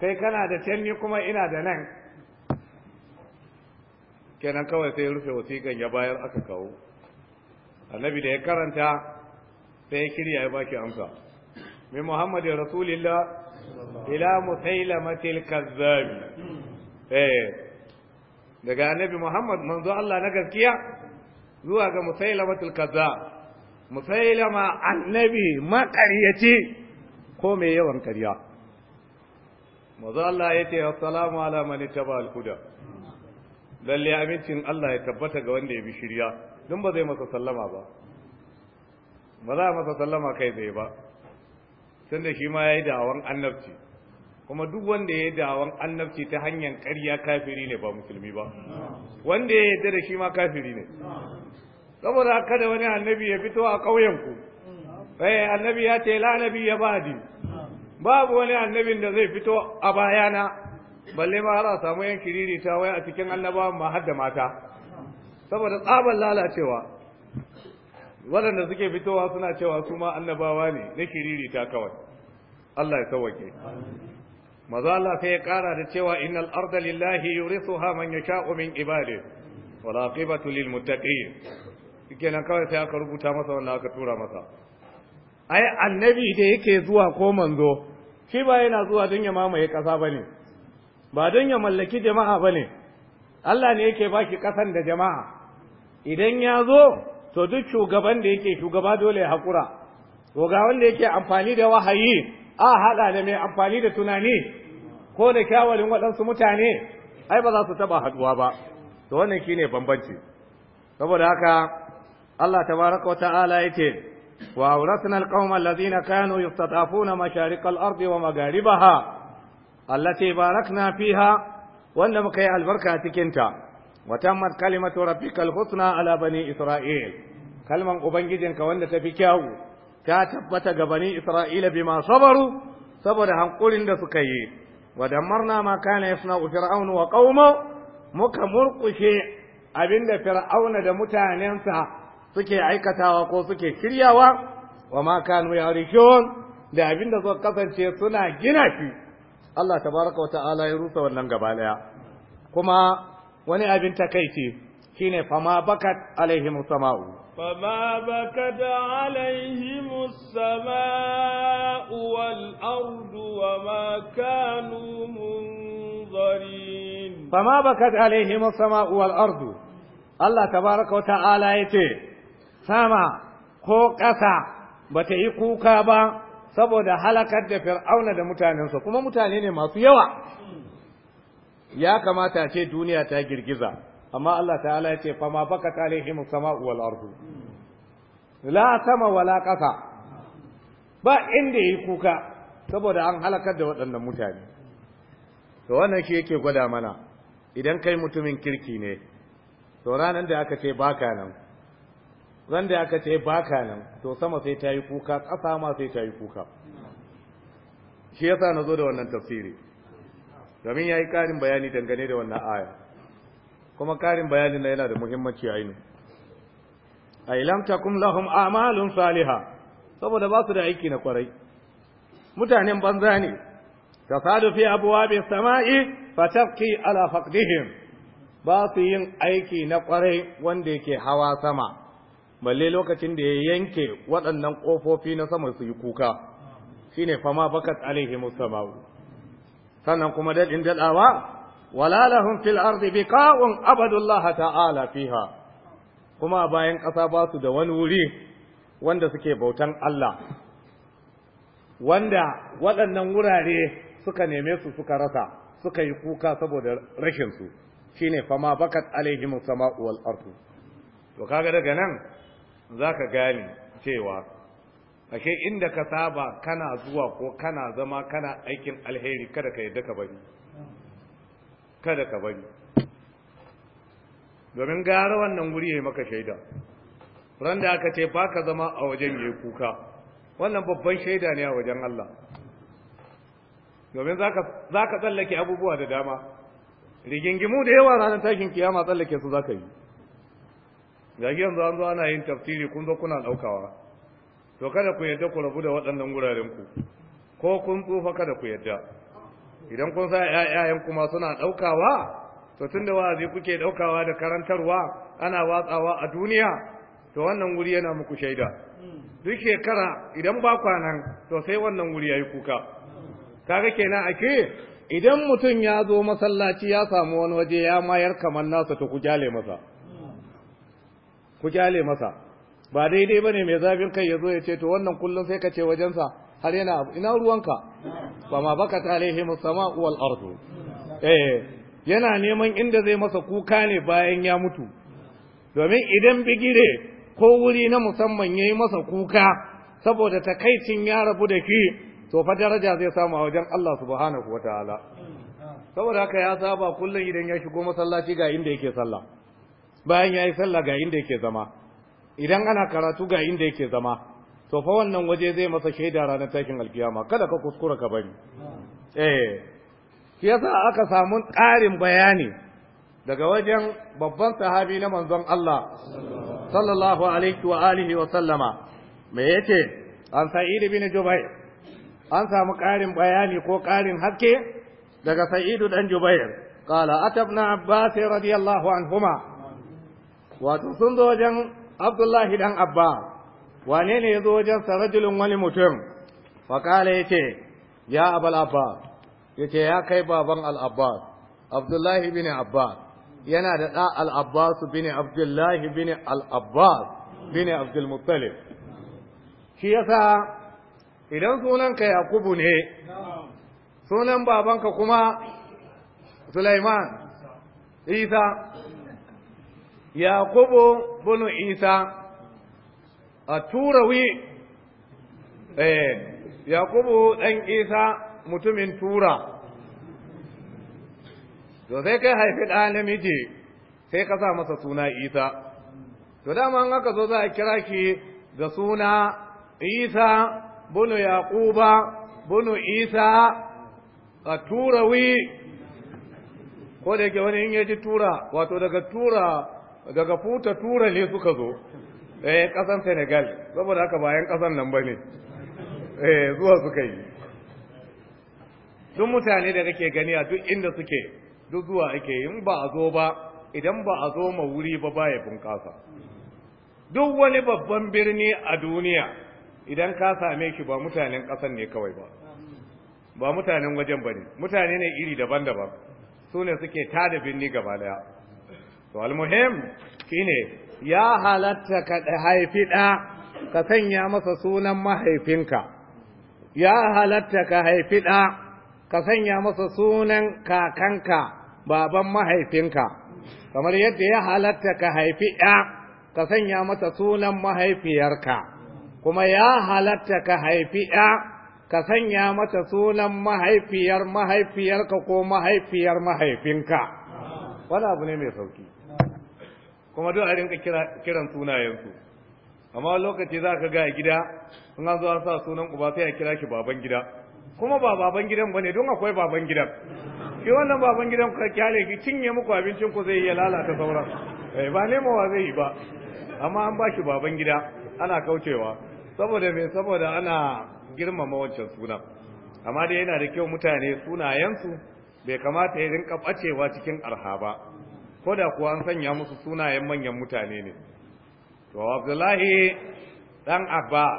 kai kana da can ni kuma ina da nan kenan kawai sai rufe wasiƙan ya bayar aka kawo annabi da ya karanta sai ya kirya ya baki amsa min muhammadin rasulillah ila musaila matil kazzabi eh daga annabi muhammad manzo Allah na gaskiya zuwa ga musaila musailamatil kazzab musailama annabi makariyaci ko me yawan ƙarya maza Allah ya ce assalamu ala mani taba alkuda lalle amincin Allah ya tabbata ga wanda ya bi shirya don ba zai masa sallama ba ba za a masa sallama kai zai ba sun da shi ma ya yi dawon annabci kuma duk wanda ya yi dawon annabci ta hanyar karya kafiri ne ba musulmi ba wanda ya yi da shi ma kafiri ne saboda kada wani annabi ya fito a ƙauyenku eh annabi ya ce la nabi ya badi babu wani annabin da zai fito a bayana balle ma har a samu yan kiriri ta a cikin annabawan ma har da mata saboda tsaban lalacewa waɗanda suke fitowa suna cewa su ma annabawa ne na kiriri ta kawai Allah ya sauwake maza Allah sai ya ƙara da cewa innal arda lillahi yurisuha man sha'o min ibadi wal aqibatu lil muttaqin kenan kawai sai aka rubuta masa wannan aka tura masa ai annabi da yake zuwa ko manzo shi ba yana zuwa don ya mamaye ƙasa ba ne ba don ya mallaki jama'a ba ne Allah ne yake baki ƙasan da jama'a idan ya zo to duk shugaban da yake shugaba dole ya haƙura to ga wanda yake amfani da wahayi a haɗa da mai amfani da tunani ko da kyawarin waɗansu mutane ai ba za su taɓa haɗuwa ba to wannan shine bambanci saboda haka Allah tabaraka wa ta'ala yake وأورثنا القوم الذين كانوا يستضعفون مشارق الأرض ومغاربها التي باركنا فيها وأن مكي البركة تكنتا وتمت كلمة ربك الحسنى على بني إسرائيل كلمة أبنجد كوان تفكاو كاتبت بني إسرائيل بما صبروا صبر هنقول دسكي ودمرنا ما كان يصنع فرعون وقومه muka murƙushe abinda fir'auna da mutanensa suke aikatawa ko suke shiryawa wa ma kanu yarishun da abinda suka kasance suna gina shi Allah tabaraka wata'ala ya rusa wannan gaba daya kuma wani abin takaici shine fama bakat alaihim sama'u فما بكت عليهم السماء والأرض وما كانوا منظرين فما بكت عليهم السماء والأرض الله تبارك وتعالى yace sama ko ƙasa ba ta yi kuka ba saboda halakar da fir'auna da mutanensa kuma mutane ne masu yawa ya kamata ce duniya ta girgiza amma Allah ta'ala ya ce fama baka alaihim sama'u wal ardu la sama wala ƙasa ba inda yi kuka saboda an halakar da waɗannan mutane to wannan shi yake gwada mana idan kai mutumin kirki ne to ranar da aka ce baka nan Zan da aka ce baka nan to sama sai ta yi kuka ƙasa ma sai ta yi kuka shi yasa na zo da wannan tafsiri domin ya yi ƙarin bayani dangane da wannan aya kuma ƙarin bayani na yana da muhimmanci ainu a ilam takum lahum a'malun saliha saboda ba su da aiki na kwarai mutanen banza ne sadu fi abwabi sama'i fataqi ala faqdihim ba su yin aiki na kwarai wanda yake hawa sama balle lokacin da ya yanke waɗannan ƙofofi na sama su yi kuka shine fama bakat alaihi musamau sannan kuma daɗin daɗawa wala lahum fil ardi biqa'un abadullah ta'ala fiha kuma bayan ƙasa ba su da wani wuri wanda suke bautan Allah wanda waɗannan wurare suka neme su suka rasa suka yi kuka saboda rashinsu, su shine fama bakat alaihim sama'u wal ardu to kaga daga nan za ka gane cewa ashe inda ka saba kana zuwa ko kana zama kana aikin alheri kada ka yadda ka bari kada ka bari domin gara wannan wuri ya yi maka shaida ran da aka ce ba ka zama a wajen ya kuka wannan babban shaida ne a wajen Allah domin za ka tsallake abubuwa da dama rigingimu da yawa ranar takin kiyama tsallake su za ka yi zagi yanzu an zo ana yin tafsiri kun zo kuna daukawa to kada ku yadda ku rabu da waɗannan guraren ku ko kun tsufa kada ku yadda idan kun sa ƴaƴayen kuma suna daukawa to tunda wa'azi kuke daukawa da karantarwa ana watsawa a duniya to wannan wuri yana muku shaida duk shekara idan ba kwanan to sai wannan wuri yayi kuka kaga kenan ake idan mutum ya zo masallaci ya samu wani waje ya mayar kamar nasa to ku jale masa ku kyale masa ba daidai bane mai zafin kai yazo ya ce to wannan kullun sai ka ce wajensa har yana abu ina ruwanka ba ma baka talihi musama'u wal ardu eh yana neman inda zai masa kuka ne bayan ya mutu domin idan bigire ko wuri na musamman yayi masa kuka saboda takaicin ya rabu da shi to fa daraja zai samu a wajen Allah subhanahu wataala saboda haka ya saba kullum idan ya shigo masallaci ga inda yake sallah bayan ya yi sallah ga inda yake zama idan ana karatu ga inda yake zama to fa wannan waje zai masa shaida ranar takin alkiyama kada ka kuskura ka bari eh yasa aka samu ƙarin bayani daga wajen babban sahabi na manzon Allah sallallahu alaihi wa alihi wa sallama me yake an sa'id ibn jubair an samu ƙarin bayani ko ƙarin haske daga sa'id dan jubair qala atabna abbas radiyallahu anhuma wato sun zo wajen abdullahi dan abba wane ne ya zo wajen sarajulun wani mutum faƙala ya ce ya abal abba ya ce ya kai baban al'abba. abdullahi bin Abba yana da ɗa su bin abdullahi bin al'abbas bin abdulmuttalib shi ya sa idan sunanka yakubu ne sunan babanka kuma sulaiman isa yaqubu bin isa aturawi eh yaqubu dan isa mutumin tura to sai kai haifi ɗa namiji sai ka sa masa suna isa to dama an aka zo za a kira ki da suna isa bunu yaquba bunu isa a turawi ko da yake wani in yaji tura wato daga tura daga futa tura ne suka zo eh kasan Senegal saboda haka bayan kasan nan bane eh zuwa suka yi duk mutane da kake gani a duk inda suke duk zuwa ake yin ba a zo ba idan ba a zo ma wuri ba baya bunƙasa duk wani babban birni a duniya idan ka same shi ba mutanen ƙasan ne kawai ba ba mutanen wajen ba ne mutane ne iri daban-daban su ne suke tada birni gaba daya to almuhim shine ya halatta ka haifi ɗa ka sanya masa sunan mahaifinka ya halatta ka haifi ɗa ka sanya masa sunan kakanka baban mahaifinka kamar yadda ya halatta ka haifi ɗa ka sanya masa sunan mahaifiyarka kuma ya halatta ka haifi ɗa ka sanya masa sunan mahaifiyar mahaifiyarka ko mahaifiyar mahaifinka wani abu ne mai sauki kuma duk a rinka kiran sunayensu amma lokaci za ka ga gida sun an zuwa sa sunan uba sai a kira shi baban gida kuma ba baban gidan ba ne don akwai baban gidan shi wannan baban gidan ka kyale ki cinye muku abincin ku zai iya lalata sauran eh, ba nemawa zai yi ba amma an ba shi baban gida ana kaucewa saboda me saboda ana girmama wancan suna. amma dai yana da kyau mutane sunayensu bai kamata ya rinka bacewa cikin arha ba ko da kuwa an sanya musu sunayen manyan mutane ne to abdullahi dan abbas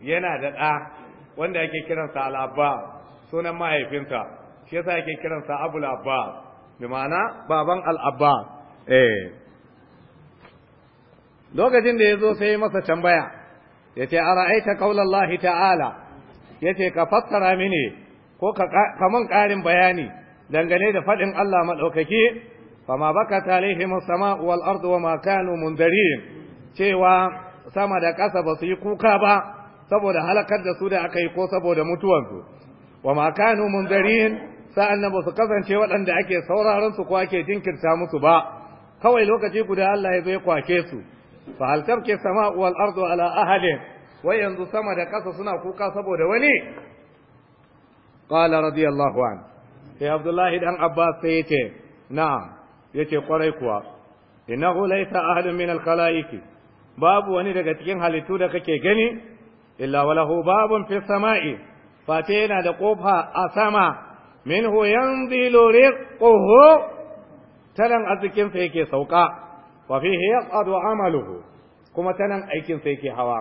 yana da ɗa wanda yake kiransa al'abba sunan mahaifinsa shi yasa yake kiransa abul abbas bi ma'ana baban al'abba. eh lokacin da yazo sai masa tambaya yace ara'aita qaulallahi ta'ala yace ka fassara mini ko ka kaman ƙarin bayani dangane da faɗin Allah maɗaukaki? fama baka talihim as-sama'u wal ardu wama kanu mundarin cewa sama da ƙasa ba yi kuka ba saboda halakar da su da aka yi ko saboda mutuwansu wama kanu mundarin sa'an nan basu su kasance waɗanda ake sauraron su ko ake jinkirta musu ba kawai lokaci guda Allah ya zo ya kwake su fa hal tabki sama'u wal ardu ala ahli wa yanzu sama da ƙasa suna kuka saboda wani qala radiyallahu an sai Abdullahi dan Abbas sai yace na'am yace kwarai kuwa innahu laysa ahadun min al-khalaiqi babu wani daga cikin halittu da kake gani illa walahu babun fi sama'i fate yana da kofa a sama minhu yanzilu rizquhu talan arzikin sa yake sauka wa fihi yaqadu amaluhu kuma tanan aikin sa yake hawa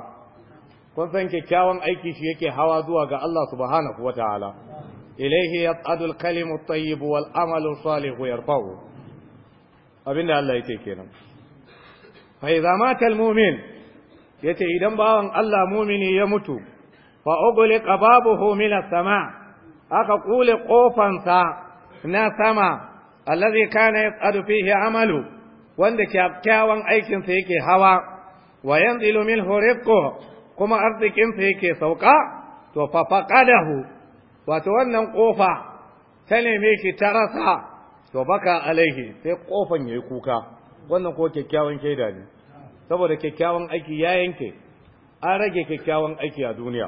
kun san kyakkyawan aiki shi yake hawa zuwa ga Allah subhanahu wataala ilayhi yaqadu al-kalimu at-tayyib wal amalu salihu yarfa'u abinda Allah yake kenan fa idza mata almu'min yace idan bawan Allah mumini ya mutu fa ughliqa babuhu min as-sama aka kule sa na sama allazi kana yas'adu fihi amalu wanda kyakkyawan aikinsa yake hawa wa yanzilu minhu rizqu kuma arzikinsa yake sauka to fa faqadahu wato wannan kofa ta neme ki ta rasa to baka alaihi sai kofan yayi kuka wannan ko kyakkyawan shaida ne saboda kyakkyawan aiki ya yanke an rage kyakkyawan aiki a duniya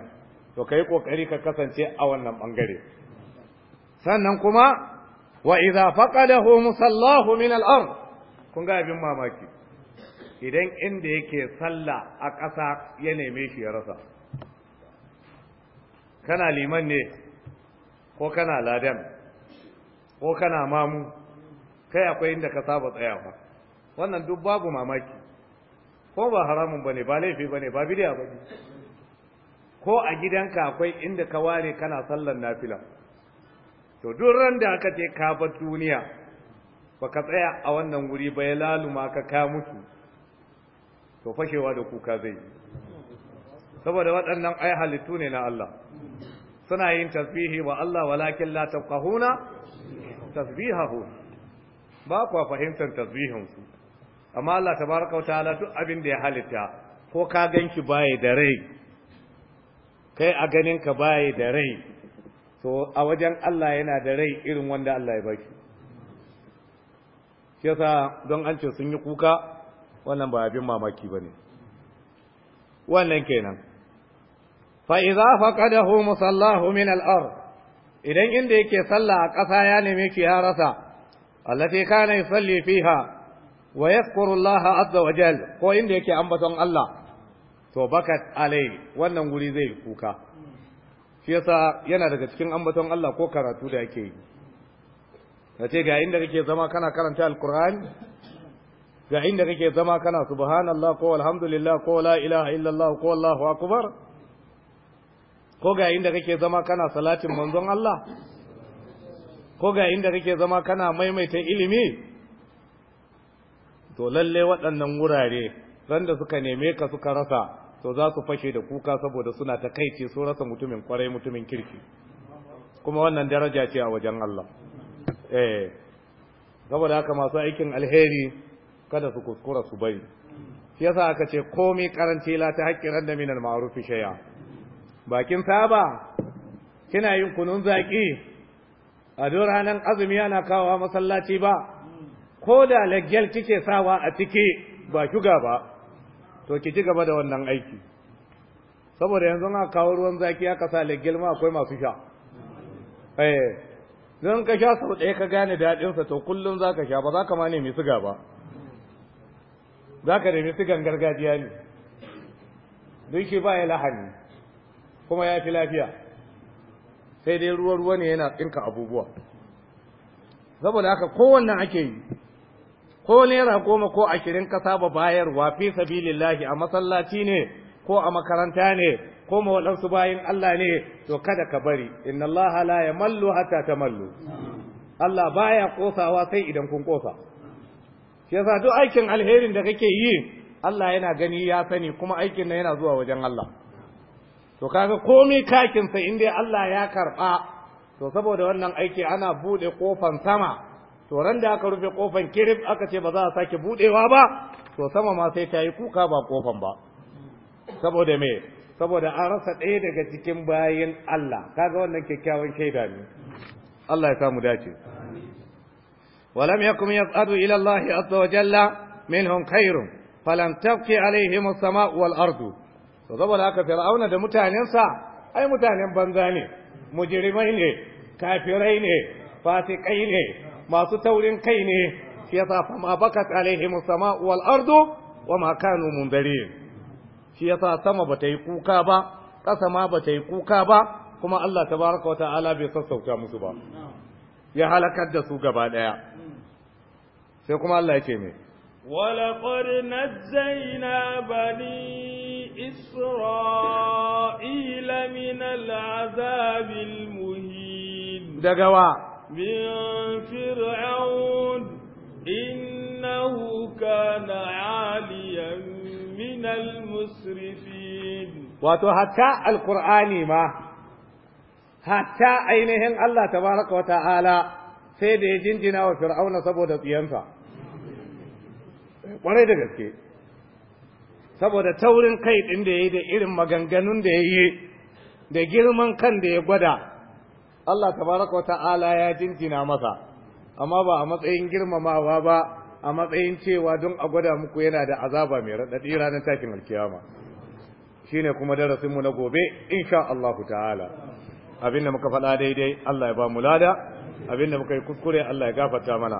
to kai kokari ka kasance a wannan bangare sannan kuma wa idza faqadahu musallahu min al-ard kun ga abin mamaki idan inda yake sallah a ƙasa ya neme shi ya rasa kana liman ne ko kana ladan ko kana mamu kai akwai inda ka saba fa wannan duk babu mamaki ko ba haramun bane ba laifi bane ba bidiya bane ko a gidanka akwai inda ka ware kana sallar nafila to duk ran da aka ce ka bar duniya baka tsaya a wannan guri ba ya laluma ka ka mutu to fashewa da kuka zai saboda waɗannan ai halittu ne na Allah suna yin tasbihi wa Allah walakin la tafqahuna tasbihahu ba kwa fahimtar tasbihinsu amma Allah tabaraka wa ta'ala duk abin da ya halitta ko ka ganki baye da rai kai a ganin ka baye da rai to a wajen Allah yana da rai irin wanda Allah ya baki shi yasa don an ce sun yi kuka wannan ba abin mamaki bane wannan kenan fa idza faqadahu musallahu min al-ard idan inda yake sallah a ƙasa ya neme shi ya rasa allati kana yusalli fiha wa yadhkuru Allah azza wa jal ko inda yake ambaton Allah to bakat alai wannan guri zai kuka shi yasa yana daga cikin ambaton Allah ko karatu da yake yi nace ga inda kake zama kana karanta alqur'ani ga inda kake zama kana subhanallah ko alhamdulillah ko la ilaha illallah ko allahu akbar ko ga inda kake zama kana salatin manzon Allah ko ga inda kake zama kana maimaita ilimi to lalle waɗannan wurare randa suka neme ka suka rasa to za su fashe da kuka saboda suna ta kaici su rasa mutumin kwarai mutumin kirki kuma wannan daraja ce a wajen Allah eh saboda haka masu aikin alheri kada su kuskura su bari shi yasa aka ce komai karanci la ta haƙƙi randa minal ma'ruf shay'a bakin saba kina yin kunun zaki a duk ranar azumi ana kawo masallaci ba ko da lagyal kike sawa a ciki ba shuga ba to ki ci gaba da wannan aiki saboda yanzu na kawo ruwan zaki aka sa lagyal ma akwai masu sha eh don ka sha sau ɗaya ka gane daɗinsa to kullum za ka sha ba za ka ma nemi siga ba za ka nemi sigan gargajiya ne don ki ba ya lahani kuma ya fi lafiya sai dai ruwa-ruwa ne yana tsinka abubuwa saboda haka kowannan ake yi ko naira goma ko ashirin ka saba bayarwa fi sabilillahi a masallaci ne ko a makaranta ne ko ma waɗansu bayan Allah ne to kada ka bari inna Allah la hata ta mallu. Allah baya kosawa sai idan kun ƙosa. shi yasa duk aikin alherin da kake yi Allah yana gani ya sani kuma aikin nan yana zuwa wajen Allah to kaga komai kakin sa in Allah ya karba to saboda wannan aiki ana bude kofan sama to ran da aka rufe kofan kirif aka ce ba za a sake budewa ba to sama ma sai ta yi kuka ba kofan ba saboda me saboda an rasa ɗaya daga cikin bayin Allah kaga wannan kyakkyawan shaida ne Allah ya samu dace ولم يكن يصعد إلى الله عز وجل منهم خير فلم تبقي عليهم السماء والأرض to saboda haka fir'auna da mutanensa ai mutanen banza ne mujrimai ne kafirai ne fasikai ne masu taurin kai ne shi yasa fa ma bakat alaihim as wal ardu wa ma kanu mundarin shi yasa sama bata yi kuka ba ƙasa ma bata yi kuka ba kuma Allah tabaaraka wa ta'ala bai sassauta musu ba ya halakar da su gaba daya sai kuma Allah ya ce me ولقد نجينا بني إسرائيل من العذاب المهين دقوا من فرعون إنه كان عاليا من المسرفين وتحكى القرآن ما حتى أينهن الله تبارك وتعالى سيدي جنجنا وفرعون صبودة ينفع وريد قلت saboda taurin kai ɗin da ya yi da irin maganganun da ya yi da girman kan da ya gwada Allah tabaraka wa ta'ala ya jinjina masa amma ba a matsayin girmamawa ba a matsayin cewa don a gwada muku yana da azaba mai raɗaɗi ranar takin alkiyama Shi ne kuma darasinmu na gobe insha Allah ta'ala abinda muka faɗa daidai Allah ya ba mu lada abinda muka yi kuskure Allah ya gafarta mana